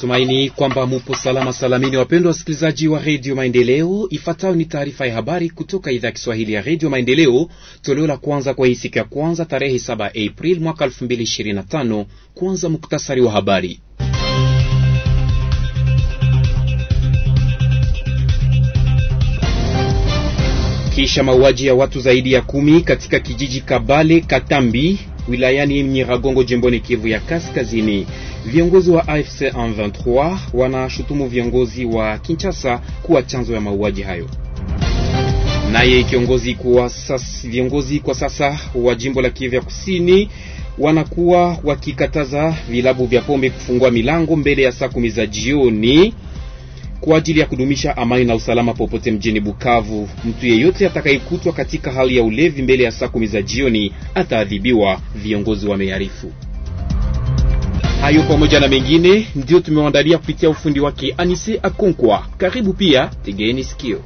Natumaini kwamba mupo salama salamini, wapendwa wasikilizaji wa redio Maendeleo. Ifuatayo ni taarifa ya habari kutoka idhaa ya Kiswahili ya redio Maendeleo, toleo la kwanza kwa hii siku ya kwanza tarehe 7 April mwaka 2025. Kwanza muktasari wa habari. Kisha mauaji ya watu zaidi ya kumi katika kijiji Kabale Katambi wilayani Nyiragongo jimboni Kivu ya Kaskazini. Viongozi wa AFC M23 wanashutumu viongozi wa Kinshasa kuwa chanzo ya mauaji hayo. Naye kiongozi kwa sasa, viongozi kwa sasa wa jimbo la Kivu ya Kusini wanakuwa wakikataza vilabu vya pombe kufungua milango mbele ya saa kumi za jioni kwa ajili ya kudumisha amani na usalama popote mjini Bukavu. Mtu yeyote atakayekutwa katika hali ya ulevi mbele ya saa kumi za jioni ataadhibiwa, viongozi wamearifu. Hayo pamoja na mengine ndiyo tumewaandalia kupitia ufundi wake Anise Akonkwa. Karibu pia, tegeni sikio.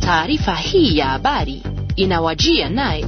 Taarifa hii ya habari inawajia naye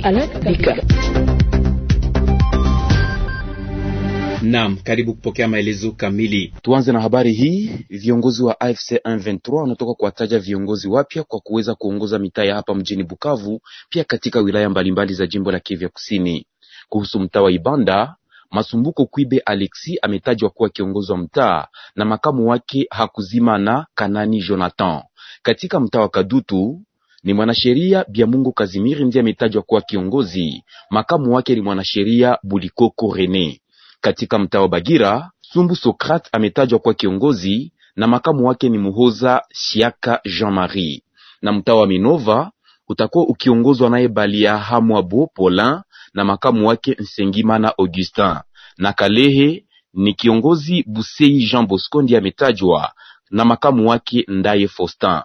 Naam, karibu kupokea maelezo kamili. Tuanze na habari hii. Viongozi wa AFC M23 wanatoka kuwataja viongozi wapya kwa kuweza kuongoza mitaa ya hapa mjini Bukavu, pia katika wilaya mbalimbali za jimbo la Kivu Kusini. Kuhusu mtaa wa Ibanda, Masumbuko Kwibe Alexi ametajwa kuwa kiongozi wa mtaa na makamu wake Hakuzima na Kanani Jonathan. Katika mtaa wa Kadutu ni mwanasheria Biamungu Kazimiri ndiye ametajwa kuwa kiongozi, makamu wake ni mwanasheria Bulikoko Rene. Katika mtaa wa Bagira, Sumbu Sokrat ametajwa kwa kiongozi na makamu wake ni Muhoza Shiaka Jean Marie, na mtaa wa Minova utakuwa ukiongozwa naye Balia Bo Polin na makamu wake Nsengimana Augustin, na Kalehe ni kiongozi Busei Jean Bosco ndiye ametajwa na makamu wake Ndaye Faustin.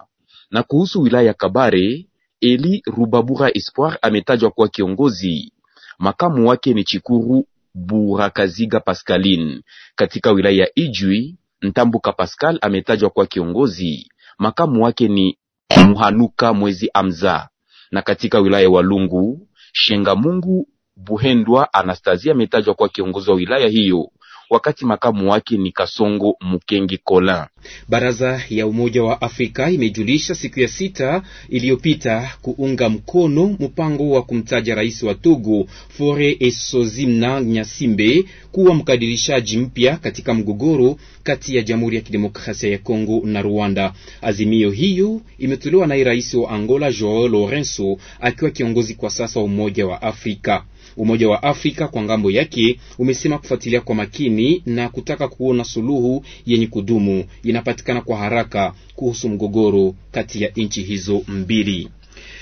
Na kuhusu wilaya ya Kabare, Eli Rubabura Espoir ametajwa kuwa kiongozi, makamu wake ni Chikuru Burakaziga Pascaline katika wilaya ya Ijwi. Ntambuka Pascal ametajwa kuwa kiongozi, makamu wake ni Muhanuka Mwezi Amza, na katika wilaya ya Walungu mungu Buhendwa Anastasia ametajwa kuwa kiongozi wa wilaya hiyo wakati makamu wake ni Kasongo Mukengi Kola. Baraza ya Umoja wa Afrika imejulisha siku ya sita iliyopita kuunga mkono mpango wa kumtaja rais wa Togo Fore Esozimna Nyasimbe kuwa mkadirishaji mpya katika mgogoro kati ya Jamhuri ya Kidemokrasia ya Kongo na Rwanda. Azimio hiyo imetolewa naye rais wa Angola Joao Lourenco akiwa kiongozi kwa sasa wa Umoja wa Afrika. Umoja wa Afrika kwa ngambo yake umesema kufuatilia kwa makini na kutaka kuona suluhu yenye kudumu inapatikana kwa haraka kuhusu mgogoro kati ya nchi hizo mbili.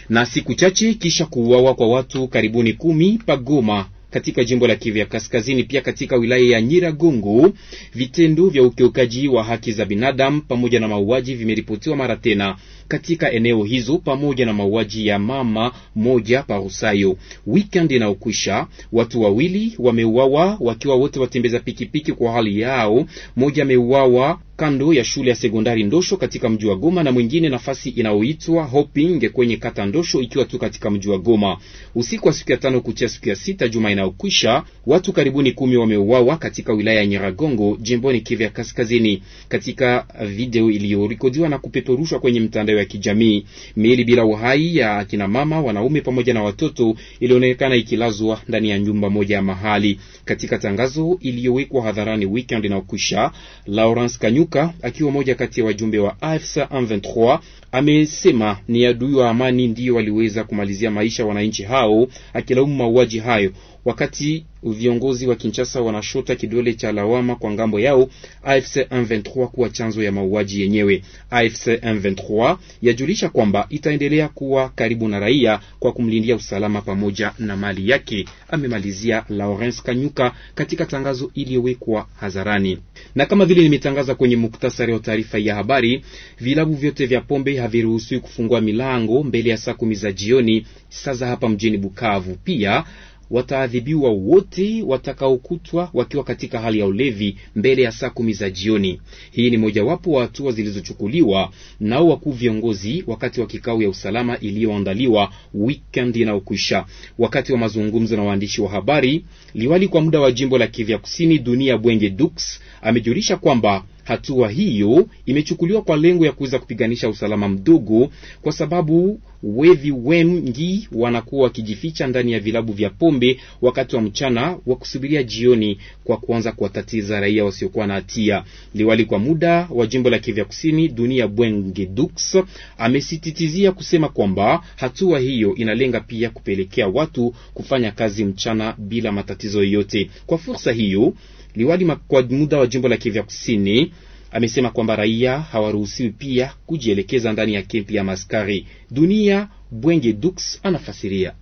Na siku chache kisha kuuawa kwa watu karibuni kumi pagoma katika jimbo la Kivu ya Kaskazini, pia katika wilaya ya Nyiragongo, vitendo vya ukiukaji wa haki za binadamu pamoja na mauaji vimeripotiwa mara tena katika eneo hizo pamoja na mauaji ya mama moja Parusayo. Weekend inaokwisha, watu wawili wameuawa wakiwa wote watembeza pikipiki kwa hali yao. Moja ameuawa kando ya shule ya sekondari Ndosho katika mji wa Goma na mwingine nafasi inayoitwa Hoping kwenye kata Ndosho ikiwa tu katika mji wa Goma. Usiku wa siku ya tano kuchia siku ya sita juma inayokwisha, watu karibuni kumi wameuawa katika wilaya ya Nyiragongo jimboni Kivu ya Kaskazini. Katika video iliyorekodiwa na kupeperushwa kwenye mtandao ya kijamii. Miili bila uhai ya kina mama, wanaume pamoja na watoto ilionekana ikilazwa ndani ya nyumba moja ya mahali. Katika tangazo iliyowekwa hadharani weekend kusha, Lawrence Kanyuka akiwa moja kati ya wajumbe wa AFC M23 amesema ni adui wa amani ndiyo waliweza kumalizia maisha wananchi hao, akilaumu mauaji hayo wakati viongozi wa Kinshasa wanashota kidole cha lawama kwa ngambo yao AFC M23 kuwa chanzo ya mauaji yenyewe. AFC M23 yajulisha kwamba itaendelea kuwa karibu na raia kwa kumlindia usalama pamoja na mali yake, amemalizia Lawrence Kanyuka katika tangazo iliyowekwa hadharani. Na kama vile nimetangaza kwenye muktasari wa taarifa ya habari, vilabu vyote vya pombe haviruhusiwi kufungua milango mbele ya saa kumi za jioni sasa hapa mjini Bukavu. Pia wataadhibiwa wote watakaokutwa wakiwa katika hali ya ulevi mbele ya saa kumi za jioni. Hii ni mojawapo wa hatua zilizochukuliwa nao wakuu viongozi wakati wa kikao ya usalama iliyoandaliwa weekend inayokwisha. Wakati wa mazungumzo na waandishi wa habari, liwali kwa muda wa jimbo la kivya Kusini, Dunia Bwenge Dux amejulisha kwamba Hatua hiyo imechukuliwa kwa lengo ya kuweza kupiganisha usalama mdogo, kwa sababu wevi wengi wanakuwa wakijificha ndani ya vilabu vya pombe wakati wa mchana wa kusubiria jioni, kwa kuanza kuwatatiza raia wasiokuwa na hatia. Liwali kwa muda wa jimbo la kivya Kusini, Dunia Bwenge Dux, amesititizia kusema kwamba hatua hiyo inalenga pia kupelekea watu kufanya kazi mchana bila matatizo yoyote. Kwa fursa hiyo Liwali kwa muda wa jimbo la Kivu Kusini amesema kwamba raia hawaruhusiwi pia kujielekeza ndani ya kempi ya maskari. Dunia Bwenge Dux anafasiria.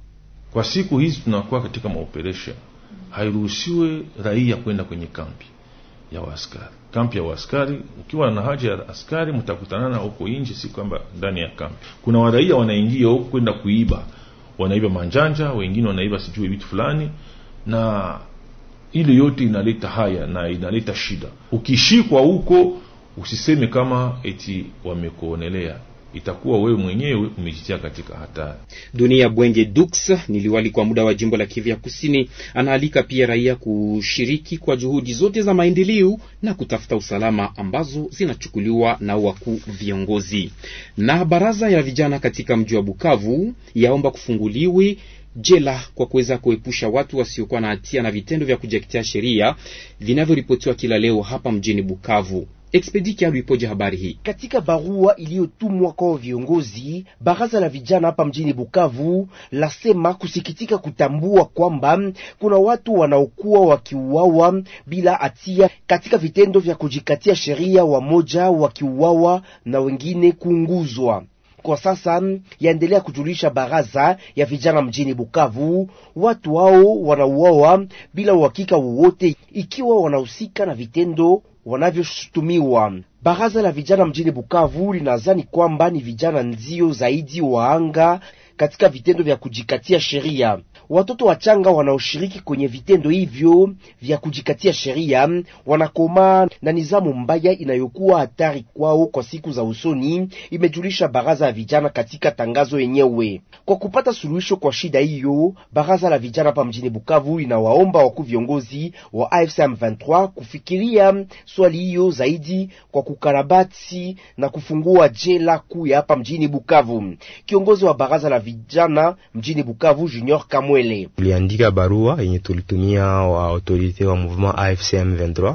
Kwa siku hizi tunakuwa katika maoperesha, hairuhusiwe raia kwenda kwenye kampi ya waskari. Kampi ya waskari, ukiwa na haja ya askari mtakutanana huko nje, si kwamba ndani ya kampi. Kuna waraia wanaingia huko kwenda kuiba, wanaiba manjanja, wengine wanaiba sijui vitu fulani, na ile yote inaleta haya na inaleta shida. Ukishikwa huko, usiseme kama eti wamekuonelea, itakuwa wewe mwenyewe umejitia katika hatari. Dunia Bwenge Dux niliwali kwa muda wa jimbo la Kivu ya Kusini, anaalika pia raia kushiriki kwa juhudi zote za maendeleo na kutafuta usalama ambazo zinachukuliwa na wakuu viongozi. Na baraza ya vijana katika mji wa Bukavu yaomba kufunguliwi jela kwa kuweza kuepusha watu wasiokuwa na hatia na vitendo vya kujikitia sheria vinavyoripotiwa kila leo hapa mjini Bukavu. Expedikia alipoje habari hii katika barua iliyotumwa kwa viongozi baraza la vijana hapa mjini Bukavu, lasema kusikitika kutambua kwamba kuna watu wanaokuwa wakiuawa bila hatia katika vitendo vya kujikatia sheria, wamoja wakiuawa na wengine kuunguzwa kwa sasa yaendelea kujulisha baraza ya vijana mjini Bukavu, watu wao wanauawa bila uhakika wowote ikiwa wanahusika na vitendo wanavyoshutumiwa. Baraza la vijana mjini Bukavu linazani kwamba ni vijana ndio zaidi waanga katika vitendo vya kujikatia sheria. Watoto wachanga wanaoshiriki kwenye vitendo hivyo vya kujikatia sheria wanakomaa na nizamu mbaya inayokuwa hatari kwao kwa siku za usoni, imejulisha baraza ya vijana katika tangazo yenyewe. Kwa kupata suluhisho kwa shida hiyo, baraza la vijana pa mjini Bukavu inawaomba wakuu viongozi wa AFC M23 kufikiria swali hiyo zaidi kwa kukarabati na kufungua jela kuu ya hapa mjini Bukavu. Kiongozi wa baraza la vijana mjini Bukavu Junior Kamwe Mwele. Tuliandika barua yenye tulitumia wa autorite wa movement AFC M23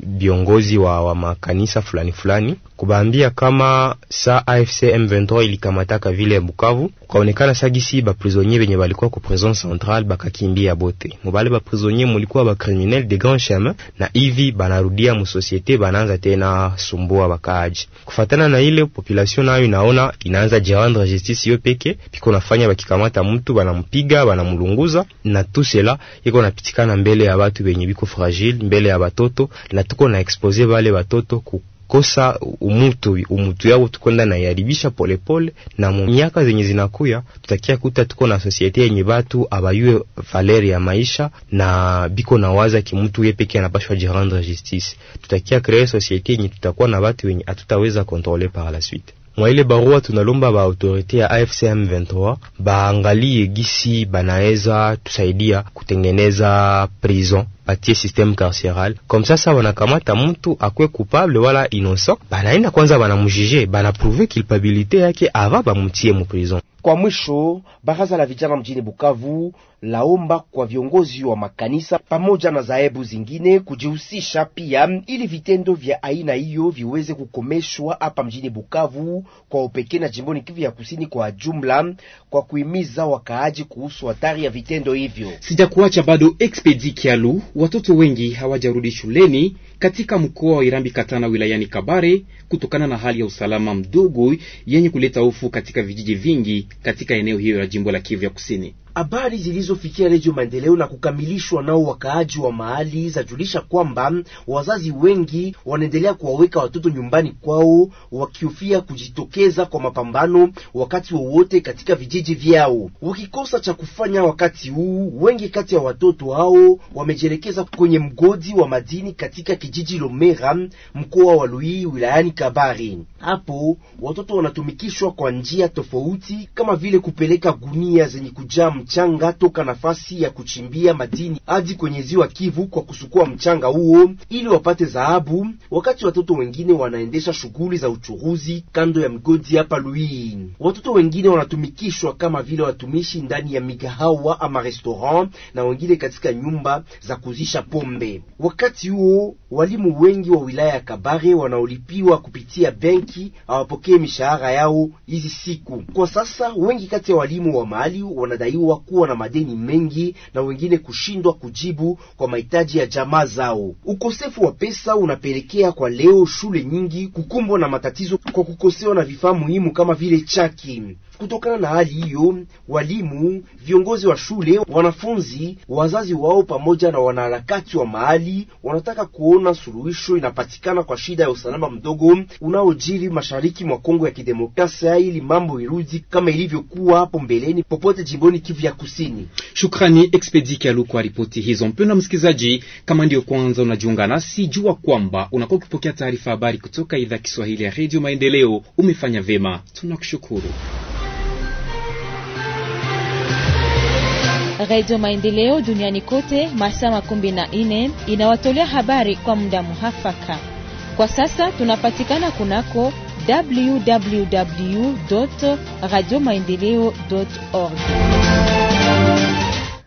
viongozi wa, wa makanisa fulani fulani kubaambia kama sa AFC M23 ilikamataka vile ya Bukavu, kaonekana sagisi baprisonnier benye balikuwa ku prison centrale bakakimbia bote. Mubale baprisonnier mulikuwa criminel de grand chemin, na ivi banarudia musosiete bananza tena sumbua bakaaji. Kufatana na ile population nayo inaona inaanza jiandre justice yo peke piko nafanya, bakikamata mtu banampiga banam kumlunguza, na tout cela iko napitikana mbele ya watu wenye biko fragile, mbele ya batoto, na tuko na expose wale batoto ku kosa umutu umutu yao tukwenda naiharibisha polepole, na miaka zenye zinakuya tutakia kuta tuko na society yenye batu abayue valeri ya maisha na biko na waza kimutu ye peke anapashwa jirendre justice. Tutakia kreye society yenye tutakuwa na batu wenye atutaweza kontrole par la suite mwa ile barua tunalomba ba autorite ya AFC M23 baangalie gisi banaweza tusaidia kutengeneza prison batie systeme carceral comme ça sa wanakamata mtu akwe coupable wala innocent, banaenda kwanza banamjije, banaprouve culpabilité yake ava bamutie mu prison. Kwa mwisho, baraza la vijana mjini Bukavu laomba kwa viongozi wa makanisa pamoja na zahebu zingine kujihusisha pia, ili vitendo vya aina hiyo viweze kukomeshwa hapa mjini Bukavu kwa upekee na jimboni Kivu ya Kusini kwa jumla, kwa kuhimiza wakaaji kuhusu hatari ya vitendo hivyo. Sijakuacha bado, Expedi Kialu. Watoto wengi hawajarudi shuleni katika mkoa wa Irambi Katana wilayani Kabare kutokana na hali ya usalama mdogo yenye kuleta hofu katika vijiji vingi katika eneo hiyo ya jimbo la Kivu ya Kusini. Habari zilizofikia Redio Maendeleo na kukamilishwa nao wakaaji wa mahali zajulisha kwamba wazazi wengi wanaendelea kuwaweka watoto nyumbani kwao wakihofia kujitokeza kwa mapambano wakati wowote katika vijiji vyao, wakikosa cha kufanya wakati huu. Wengi kati ya watoto hao wamejielekeza kwenye mgodi wa madini katika kijiji Lomera, mkoa wa Lui, wilayani kabari Hapo watoto wanatumikishwa kwa njia tofauti, kama vile kupeleka gunia zenye kujaa mchanga toka nafasi ya kuchimbia madini hadi kwenye ziwa Kivu kwa kusukua mchanga huo ili wapate dhahabu, wakati watoto wengine wanaendesha shughuli za uchuruzi kando ya mgodi hapa Luii. Watoto wengine wanatumikishwa kama vile watumishi ndani ya migahawa ama restaurant, na wengine katika nyumba za kuzisha pombe. Wakati huo walimu wengi wa wilaya ya Kabare wanaolipiwa kupitia benki hawapokee mishahara yao hizi siku. Kwa sasa wengi kati ya walimu wa mahali wanadaiwa kuwa na madeni mengi na wengine kushindwa kujibu kwa mahitaji ya jamaa zao. Ukosefu wa pesa unapelekea kwa leo shule nyingi kukumbwa na matatizo kwa kukosewa na vifaa muhimu kama vile chaki. Kutokana na hali hiyo, walimu, viongozi wa shule, wanafunzi, wazazi wao pamoja na wanaharakati wa mahali wanataka kuona suluhisho inapatikana kwa shida ya usalama mdogo unaojiri mashariki mwa Kongo ya Kidemokrasia ili mambo irudi kama ilivyokuwa hapo mbeleni popote jimboni Kivu ya Kusini. Shukrani Expedi Kialu kwa ripoti hizo. Mpendwa msikilizaji, kama ndiyo kwanza unajiunga nasi, jua kwamba unakuwa ukipokea taarifa habari kutoka idhaa Kiswahili ya Redio Maendeleo. Umefanya vyema, tunakushukuru. Radio Maendeleo duniani kote masaa makumi na nne inawatolea habari kwa muda muhafaka. Kwa sasa tunapatikana kunako www radio maendeleo org.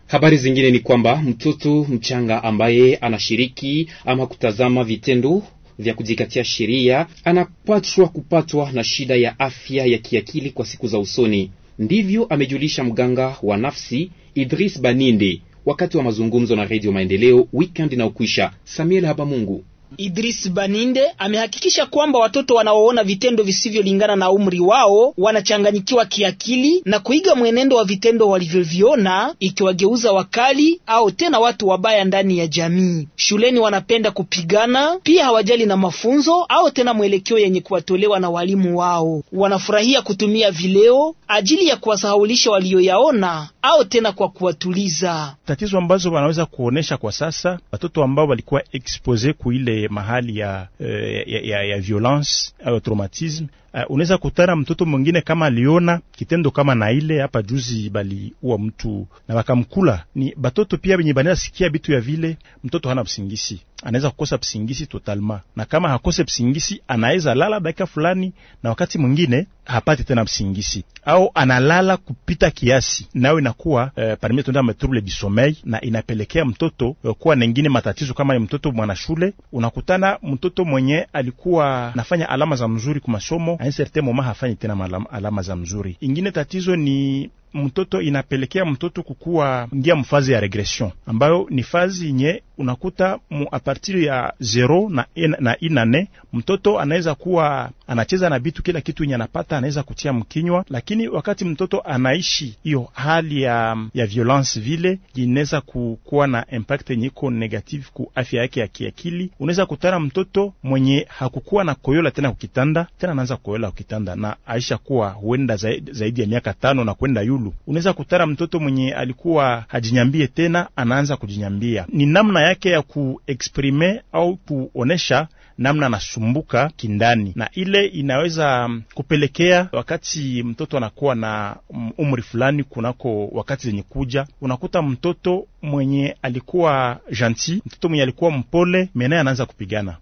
Habari zingine ni kwamba mtoto mchanga ambaye anashiriki ama kutazama vitendo vya kujikatia sheria anapatwa kupatwa na shida ya afya ya kiakili kwa siku za usoni. Ndivyo amejulisha mganga wa nafsi Idris Banindi wakati wa mazungumzo na Redio Maendeleo weekend na ukwisha Samuel Habamungu Idris Baninde amehakikisha kwamba watoto wanaoona vitendo visivyolingana na umri wao wanachanganyikiwa kiakili na kuiga mwenendo wa vitendo walivyoviona, ikiwageuza wakali au tena watu wabaya ndani ya jamii. Shuleni wanapenda kupigana, pia hawajali na mafunzo au tena mwelekeo yenye kuwatolewa na walimu wao. Wanafurahia kutumia vileo ajili ya kuwasahaulisha walioyaona au tena kwa kuwatuliza. Tatizo ambazo wanaweza kuonesha kwa sasa watoto ambao walikuwa expose kuile mahali ya, eh, ya, ya, ya violence au traumatisme. Uh, unaweza kutana mtoto mwingine kama aliona kitendo kama na ile hapa juzi baliua mtu na wakamkula. Ni batoto pia benye banasikia bitu ya vile, mtoto hana usingisi anaweza kukosa psingisi totalma, na kama hakose psingisi anaweza lala dakika fulani, na wakati mwingine hapati tena msingisi au analala kupita kiasi, nayo inakuwa eh, parmi tunda metrouble du sommeil, na inapelekea mtoto eh, kuwa nengine matatizo. Kama ni mtoto mwana shule, unakutana mtoto mwenye alikuwa nafanya alama za mzuri kwa masomo, a certain moment hafanyi tena alama za mzuri. Ingine tatizo ni mtoto inapelekea mtoto kukuwa ngia mfazi ya regression, ambayo ni fazi nye unakuta mu apartir ya zero na, in, na inane mtoto anaweza kuwa anacheza na bitu kila kitu yenye anapata anaweza kutia mkinywa, lakini wakati mtoto anaishi hiyo hali ya, ya violence vile inaweza kukuwa na impact yenye iko negative ku afya yake ya kiakili. Unaweza kutana mtoto mwenye hakukuwa na koyola tena kukitanda tena anaanza koyola kukitanda na aisha kuwa huenda zaidi, zaidi ya miaka tano na kwenda yulu Lulu. Unaweza kutara mtoto mwenye alikuwa hajinyambie tena anaanza kujinyambia. Ni namna yake ya kuexprime au kuonesha namna anasumbuka kindani, na ile inaweza mm, kupelekea wakati mtoto anakuwa na mm, umri fulani, kunako wakati zenye kuja unakuta mtoto mwenye alikuwa janti, mtoto mwenye alikuwa mpole menaye anaanza kupigana,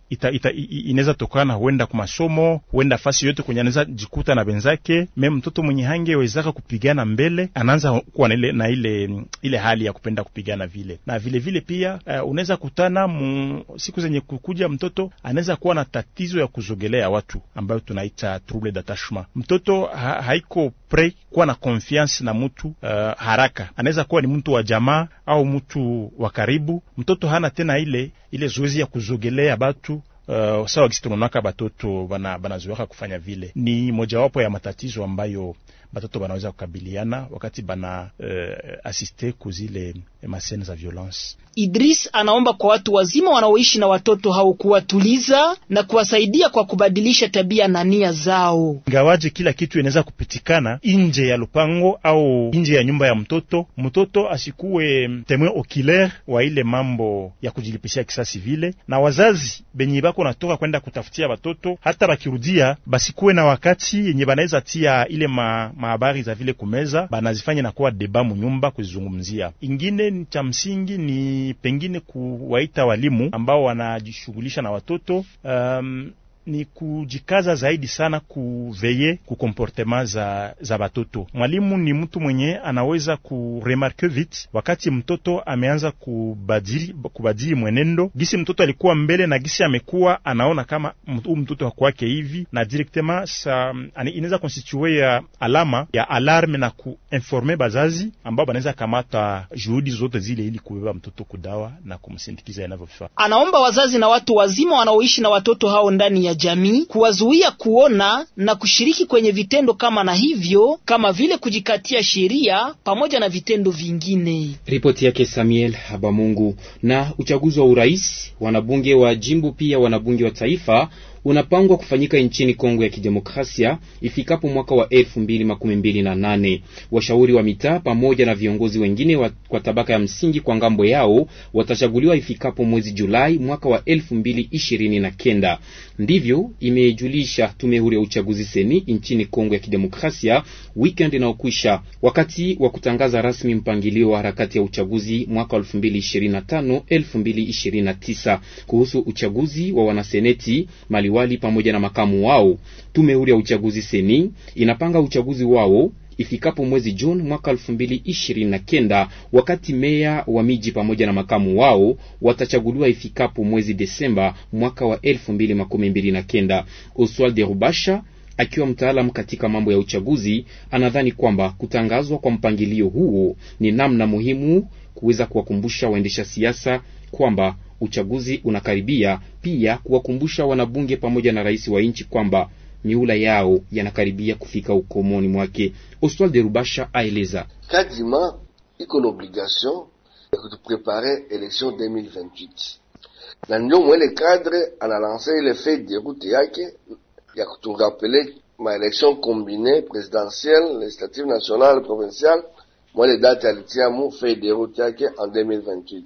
inaweza tokana huenda kwa masomo, huenda fasi yote kwenye anaweza jikuta na benzake. me mtoto mwenye hange wezaka kupigana mbele anaanza kuwa na ile, na ile, ile hali ya kupenda kupigana vile na vile vile pia uh, unaweza kutana mu, siku zenye kukuja mtoto anaweza kuwa na tatizo ya kuzogelea watu ambayo tunaita trouble d'attachement. Mtoto ha, haiko pre kuwa na confiance na mtu uh, haraka, anaweza kuwa ni mtu wa jamaa au mtu wa karibu, mtoto hana tena ile ile zoezi ya kuzogelea batu Uh, sawa gisitunonaka batoto banazoaka kufanya vile, ni mojawapo ya matatizo ambayo batoto banaweza kukabiliana wakati bana uh, asiste kuzile masene za violence. Idris anaomba kwa watu wazima wanaoishi na watoto hao kuwatuliza na kuwasaidia kwa kubadilisha tabia na nia zao. Ingawaje kila kitu inaweza kupitikana nje ya lupango au nje ya nyumba ya mtoto, mtoto asikuwe temoin oculaire wa ile mambo ya kujilipishia kisasi vile, na wazazi benye bako natoka kwenda kutafutia watoto, hata bakirudia basikuwe na wakati yenye banaweza tia ile ma, mahabari za vile kumeza, banazifanya na kuwa deba munyumba kuzizungumzia. Ingine cha msingi ni pengine kuwaita walimu ambao wanajishughulisha na watoto um, ni kujikaza zaidi sana kuveye kukomportema za, za batoto. Mwalimu ni mtu mwenye anaweza kuremarke vite wakati mtoto ameanza kubadili, kubadili mwenendo gisi mtoto alikuwa mbele na gisi amekuwa anaona kama mtu, mtoto hakuwake hivi na directement sa inaweza konstitue ya alama ya alarme na kuinforme bazazi ambao banaweza kamata juhudi zote zile ili kubeba mtoto kudawa na kumsindikiza inavyofaa. Anaomba wazazi na watu wazima wanaoishi na watoto hao ndani ya jamii, kuwazuia kuona na kushiriki kwenye vitendo kama na hivyo kama vile kujikatia sheria pamoja na vitendo vingine. Ripoti yake Samuel Habamungu. Na uchaguzi wa urais, wanabunge wa jimbo pia wanabunge wa taifa unapangwa kufanyika nchini Kongo ya Kidemokrasia ifikapo mwaka wa 2028. Washauri wa mitaa pamoja na viongozi wengine wa, kwa tabaka ya msingi kwa ngambo yao watachaguliwa ifikapo mwezi Julai mwaka wa 2029. Ndivyo imejulisha tume huru ya uchaguzi seni nchini Kongo ya Kidemokrasia weekend inaokwisha, wakati wa kutangaza rasmi mpangilio wa harakati ya uchaguzi mwaka 2025 2029 kuhusu uchaguzi wa wanaseneti mali maliwali pamoja na makamu wao. Tume huru ya uchaguzi seni inapanga uchaguzi wao ifikapo mwezi Juni mwaka kenda wakati meya wa miji pamoja na makamu wao watachaguliwa ifikapo mwezi Desemba mwaka wa kenda Oswald de Rubasha akiwa mtaalam katika mambo ya uchaguzi anadhani kwamba kutangazwa kwa mpangilio huo ni namna muhimu kuweza kuwakumbusha waendesha siasa kwamba uchaguzi unakaribia, pia kuwakumbusha wanabunge pamoja na rais wa nchi kwamba miula yao yanakaribia kufika ukomoni mwake. Oswald de Rubasha aeleza kadima iko na obligation ya kutuprepare election 2028 na ndio mwele kadre analanse ile feuille de route yake ya kuturapele maelection combine presidentielle legislative nationale provinciale mwele date alitiamu feuille de route yake en 2028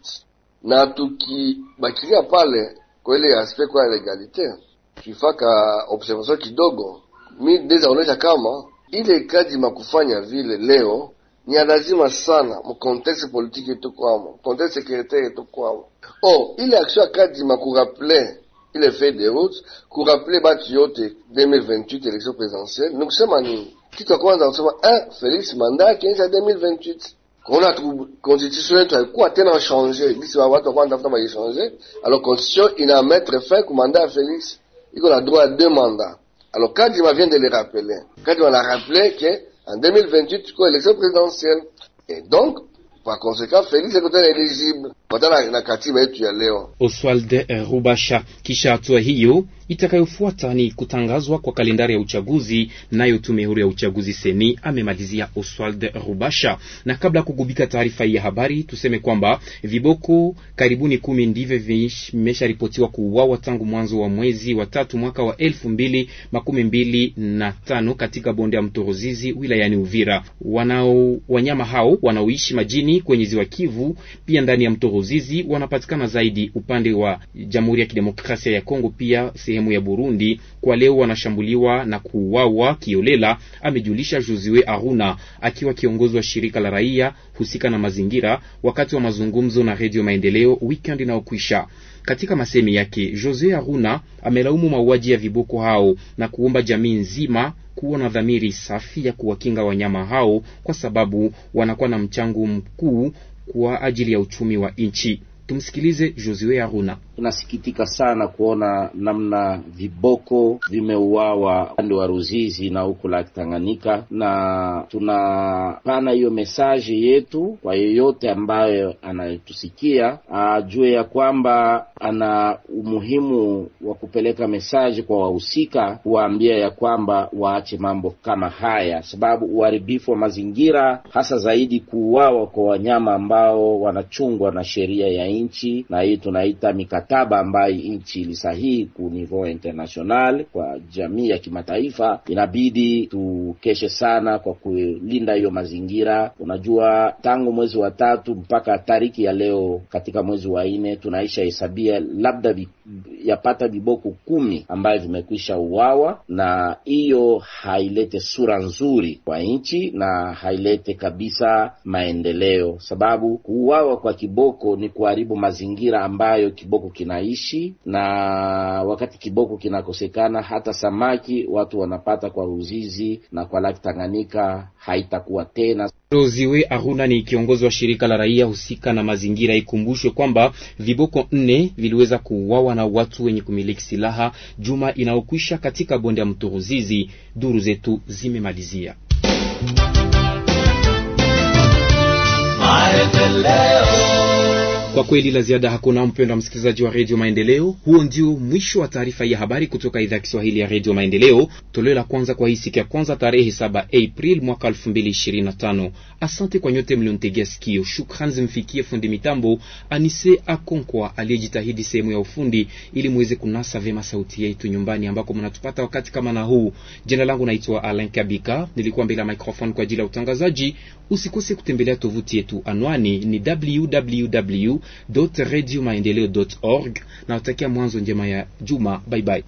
na tukibakilia pale kwa aspect kwa legalite, tuifaka observation kidogo, mi dezaonesha kama ile kazi makufanya vile leo ni ya lazima sana mukontexte politike tukwamo, kontexte sekuritaire tukwamo. Oh, ile action ya kazi makuraple ile fait de route kuraple batu yote 2028 election presidentielle, nikusema nini? Kitu ya kwanza kusema, ah, Felix manda yake 2028 Qu'on a trouvé trouvé tena shanje, bisi wa watu kwa il changer Alors constitution a mettre fin au mandat à Félix. Il a droit deux mandats. Alors Kadima vient de le rappeler. Kadima l'a rappelé que en 2028 quoi élection présidentielle. Et donc par conséquent Félix est éligible. kufatana na katiba yetu ya leo. Oswald eh, Rubasha. Kisha hatua hiyo itakayofuata ni kutangazwa kwa kalendari ya uchaguzi, nayo tume huru ya uchaguzi seni, amemalizia Oswald Rubasha. Na kabla ya kugubika taarifa hii ya habari, tuseme kwamba viboko karibuni kumi ndivyo vimesharipotiwa kuuawa tangu mwanzo wa mwezi wa tatu mwaka wa elfu mbili makumi mbili na tano katika bonde ya mto Ruzizi wilayani Uvira. Wanao wanyama hao wanaoishi majini kwenye ziwa Kivu pia ndani ya mto Ruzizi wanapatikana zaidi upande wa Jamhuri ya Kidemokrasia ya Kongo, pia sehemu ya Burundi. Kwa leo wanashambuliwa na kuuawa kiolela, amejulisha Josue Aruna akiwa kiongozi wa shirika la raia husika na mazingira, wakati wa mazungumzo na Redio Maendeleo weekend inayokwisha. Katika masemi yake, josue Aruna amelaumu mauaji ya viboko hao na kuomba jamii nzima kuwa na dhamiri safi ya kuwakinga wanyama hao kwa sababu wanakuwa na mchango mkuu kwa ajili ya uchumi wa nchi. Tumsikilize Josue Aruna. Tunasikitika sana kuona namna viboko vimeuawa upande wa Ruzizi na huko la Tanganyika, na tunapana hiyo mesaji yetu kwa yeyote ambayo anayetusikia ajue ya kwamba ana umuhimu wa kupeleka mesaji kwa wahusika, kuwaambia ya kwamba waache mambo kama haya, sababu uharibifu wa mazingira hasa zaidi kuuawa kwa wanyama ambao wanachungwa na sheria ya nchi, na hii tunaita mikataba ambayo nchi ilisahihi ku niveau international kwa jamii ya kimataifa. Inabidi tukeshe sana kwa kulinda hiyo mazingira. Unajua, tangu mwezi wa tatu mpaka tariki ya leo katika mwezi wa nne tunaisha hesabia labda bi, yapata viboko kumi ambayo vimekwisha uwawa, na hiyo hailete sura nzuri kwa nchi na hailete kabisa maendeleo, sababu kuuawa kwa kiboko ni kuharibu kuharibu mazingira ambayo kiboko kinaishi, na wakati kiboko kinakosekana, hata samaki watu wanapata kwa Ruzizi na kwa Laki Tanganyika haitakuwa tena. Roziwe Aruna ni kiongozi wa shirika la raia husika na mazingira. Ikumbushwe kwamba viboko nne viliweza kuuawa na watu wenye kumiliki silaha juma inaokwisha katika bonde ya mto Ruzizi. Duru zetu zimemalizia maendeleo. Kwa kweli la ziada hakuna, mpendwa msikilizaji wa redio Maendeleo. Huo ndio mwisho wa taarifa ya habari kutoka idhaa ya Kiswahili ya redio Maendeleo, toleo la kwanza kwa hii siku ya kwanza tarehe 7 April mwaka 2025. Asante kwa nyote mlionitegea sikio. Shukran zimfikie fundi mitambo Anise Akonkwa aliyejitahidi sehemu ya ufundi ili muweze kunasa vyema sauti yetu nyumbani ambako mnatupata wakati kama na huu. Jina langu naitwa Alain Kabika, nilikuwa mbele ya microphone kwa ajili ya utangazaji. Usikose kutembelea tovuti yetu, anwani ni www radio org na watakia mwanzo njema ya juma. Bye bye.